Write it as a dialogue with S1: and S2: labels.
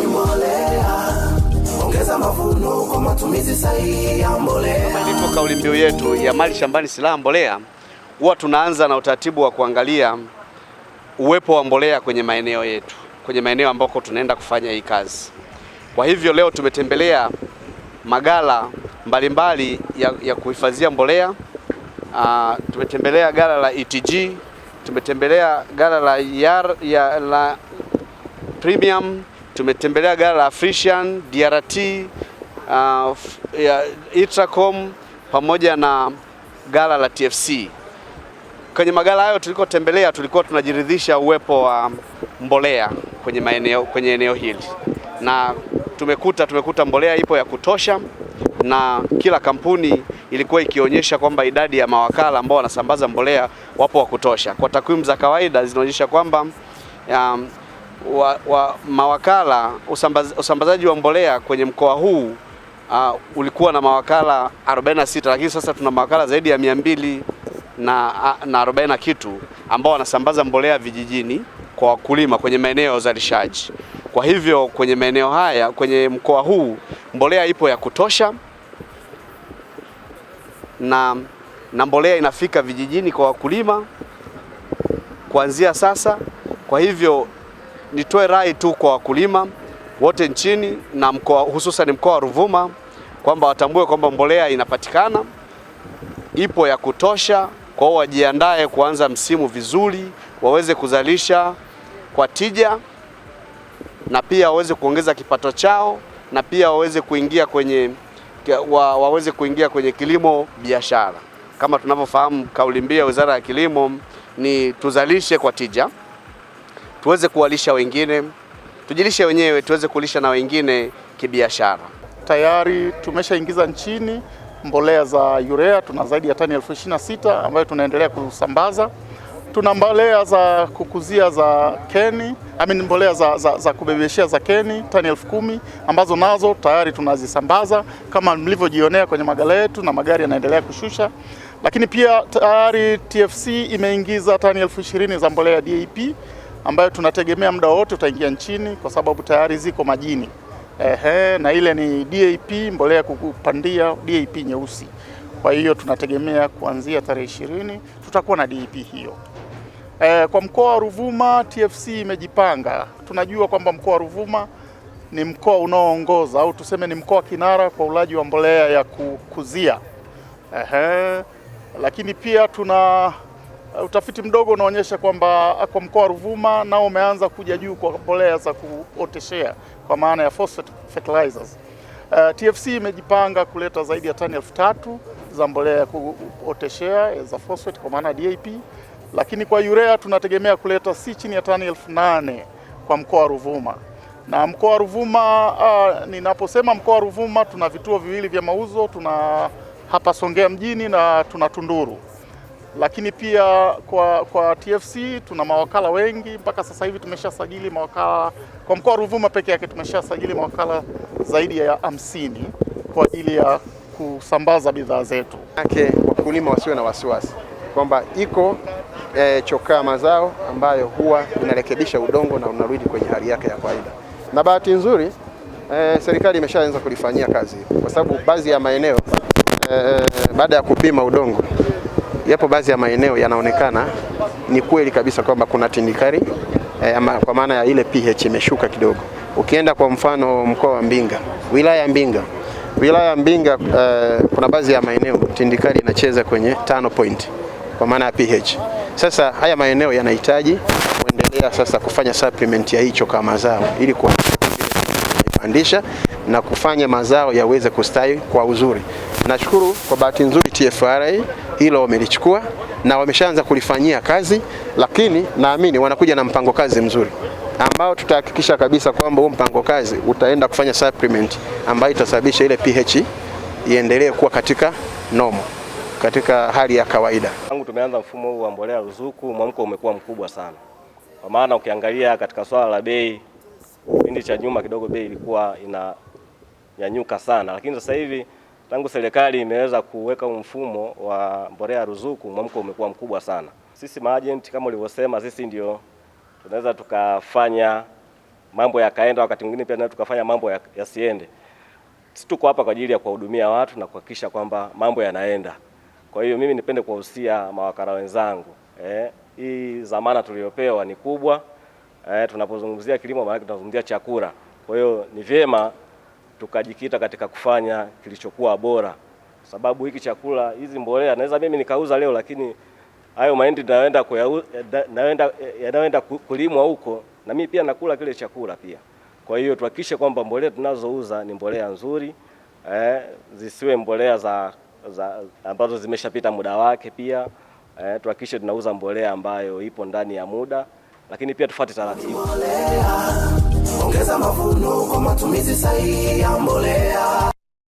S1: ni mbolea, ongeza mavuno kwa matumizi sahihi ya mbolea. kauli mbiu yetu ya mali shambani, silaha mbolea, huwa tunaanza na utaratibu wa kuangalia uwepo wa mbolea kwenye maeneo yetu, kwenye maeneo ambako tunaenda kufanya hii kazi. Kwa hivyo leo tumetembelea magala mbalimbali mbali ya, ya kuhifadhia mbolea. Uh, tumetembelea gala la ETG, tumetembelea gala la, yar, ya, la Premium Tumetembelea gala la Frisian, DRT, uh, Itracom pamoja na gala la TFC. Kwenye magala hayo tulikotembelea, tulikuwa tunajiridhisha uwepo wa mbolea kwenye maeneo, kwenye eneo hili na tumekuta tumekuta mbolea ipo ya kutosha, na kila kampuni ilikuwa ikionyesha kwamba idadi ya mawakala ambao wanasambaza mbolea wapo wa kutosha. Kwa takwimu za kawaida zinaonyesha kwamba um, wa, wa mawakala usambaz, usambazaji wa mbolea kwenye mkoa huu uh, ulikuwa na mawakala 46 lakini sasa tuna mawakala zaidi ya 200 na, ah, na 40 kitu ambao wanasambaza mbolea vijijini kwa wakulima kwenye maeneo ya uzalishaji. Kwa hivyo kwenye maeneo haya kwenye mkoa huu mbolea ipo ya kutosha na, na mbolea inafika vijijini kwa wakulima kuanzia sasa. Kwa hivyo Nitoe rai tu kwa wakulima wote nchini na mkoa, hususan mkoa wa Ruvuma kwamba watambue kwamba mbolea inapatikana, ipo ya kutosha, kwa wajiandae kuanza msimu vizuri, waweze kuzalisha kwa tija na pia waweze kuongeza kipato chao na pia waweze kuingia kwenye wa, waweze kuingia kwenye kilimo biashara. Kama tunavyofahamu kauli mbiu ya Wizara ya Kilimo ni tuzalishe kwa tija tuweze kuwalisha wengine, tujilishe wenyewe, tuweze kulisha na wengine kibiashara.
S2: Tayari tumeshaingiza nchini mbolea za urea, tuna zaidi ya tani elfu ishirini na sita ambayo tunaendelea kusambaza. Tuna mbolea za kukuzia za keni I mean, mbolea za, za, za kubebeshea za keni tani elfu kumi ambazo nazo tayari tunazisambaza kama mlivyojionea kwenye magala yetu na magari yanaendelea kushusha, lakini pia tayari TFC imeingiza tani elfu ishirini za mbolea ya DAP ambayo tunategemea muda wote utaingia nchini kwa sababu tayari ziko majini. Ehe, na ile ni DAP, mbolea ya kupandia DAP nyeusi. Kwa hiyo tunategemea kuanzia tarehe ishirini tutakuwa na DAP hiyo. E, kwa mkoa wa Ruvuma TFC imejipanga. Tunajua kwamba mkoa wa Ruvuma ni mkoa unaoongoza au tuseme ni mkoa kinara kwa ulaji wa mbolea ya kukuzia. Ehe, lakini pia tuna Eh, utafiti mdogo unaonyesha kwamba eh, kwa mkoa wa Ruvuma nao umeanza kuja juu kwa mbolea za kuoteshea kwa maana ya phosphate fertilizers. Uh, eh, TFC imejipanga kuleta zaidi ya tani elfu tatu za mbolea ya kuoteshea za phosphate kwa maana DAP, lakini kwa urea tunategemea kuleta si chini ya tani elfu nane kwa mkoa wa Ruvuma. Na mkoa wa Ruvuma uh, ninaposema mkoa wa Ruvuma tuna vituo viwili vya mauzo, tuna hapa Songea mjini na tuna Tunduru lakini pia kwa, kwa TFC tuna mawakala wengi mpaka sasa hivi tumeshasajili mawakala kwa mkoa wa Ruvuma peke yake tumeshasajili mawakala zaidi ya hamsini kwa ajili ya kusambaza bidhaa zetu.
S1: Yake wakulima wasiwe na wasiwasi kwamba iko e, chokaa mazao ambayo huwa inarekebisha udongo na unarudi kwenye hali yake ya kawaida, na bahati nzuri e, serikali imeshaanza kulifanyia kazi kwa sababu baadhi ya maeneo e, baada ya kupima udongo yapo baadhi ya maeneo yanaonekana ni kweli kabisa kwamba kuna tindikari eh, ama kwa maana ya ile pH imeshuka kidogo. Ukienda kwa mfano mkoa wa Mbinga, wilaya ya Mbinga, wilaya ya Mbinga eh, kuna baadhi ya maeneo tindikari inacheza kwenye tano point kwa maana ya pH. Sasa haya maeneo yanahitaji kuendelea sasa kufanya supplement ya hicho kama mazao ili kuipandisha na kufanya mazao yaweze kustawi kwa uzuri. Nashukuru kwa bahati nzuri TFRA hilo wamelichukua na wameshaanza kulifanyia kazi, lakini naamini wanakuja na mpango kazi mzuri ambao tutahakikisha kabisa kwamba huo mpango kazi utaenda kufanya supplement ambayo itasababisha ile pH iendelee kuwa katika normal, katika hali ya kawaida.
S3: Tangu tumeanza mfumo huu wa mbolea ruzuku, mwamko umekuwa mkubwa sana, kwa maana ukiangalia katika swala la bei, kipindi cha nyuma kidogo bei ilikuwa inanyanyuka sana, lakini sasa hivi tangu serikali imeweza kuweka mfumo wa mbolea ruzuku, mwamko umekuwa mkubwa sana. Sisi maajenti kama ulivyosema, sisi ndio tunaweza tukafanya mambo yakaenda, wakati mwingine pia na tukafanya mambo yasiende ya sisi tuko hapa kwa ajili ya kuwahudumia watu na kuhakikisha kwamba mambo yanaenda. Kwa hiyo mimi nipende kuwahusia mawakala wenzangu eh, hii zamana tuliyopewa ni kubwa eh, tunapozungumzia kilimo maana tunazungumzia chakula. Kwa hiyo ni vyema tukajikita katika kufanya kilichokuwa bora, sababu hiki chakula, hizi mbolea naweza mimi nikauza leo, lakini hayo mahindi naenda yanaenda eh, eh, kulimwa huko, na mimi pia nakula kile chakula pia. Kwa hiyo tuhakikishe kwamba mbolea tunazouza ni mbolea nzuri eh, zisiwe mbolea za, za ambazo zimeshapita muda wake pia eh, tuhakikishe tunauza mbolea ambayo ipo ndani ya muda, lakini pia tufuate taratibu. Ongeza mavuno kwa matumizi sahihi ya mbolea.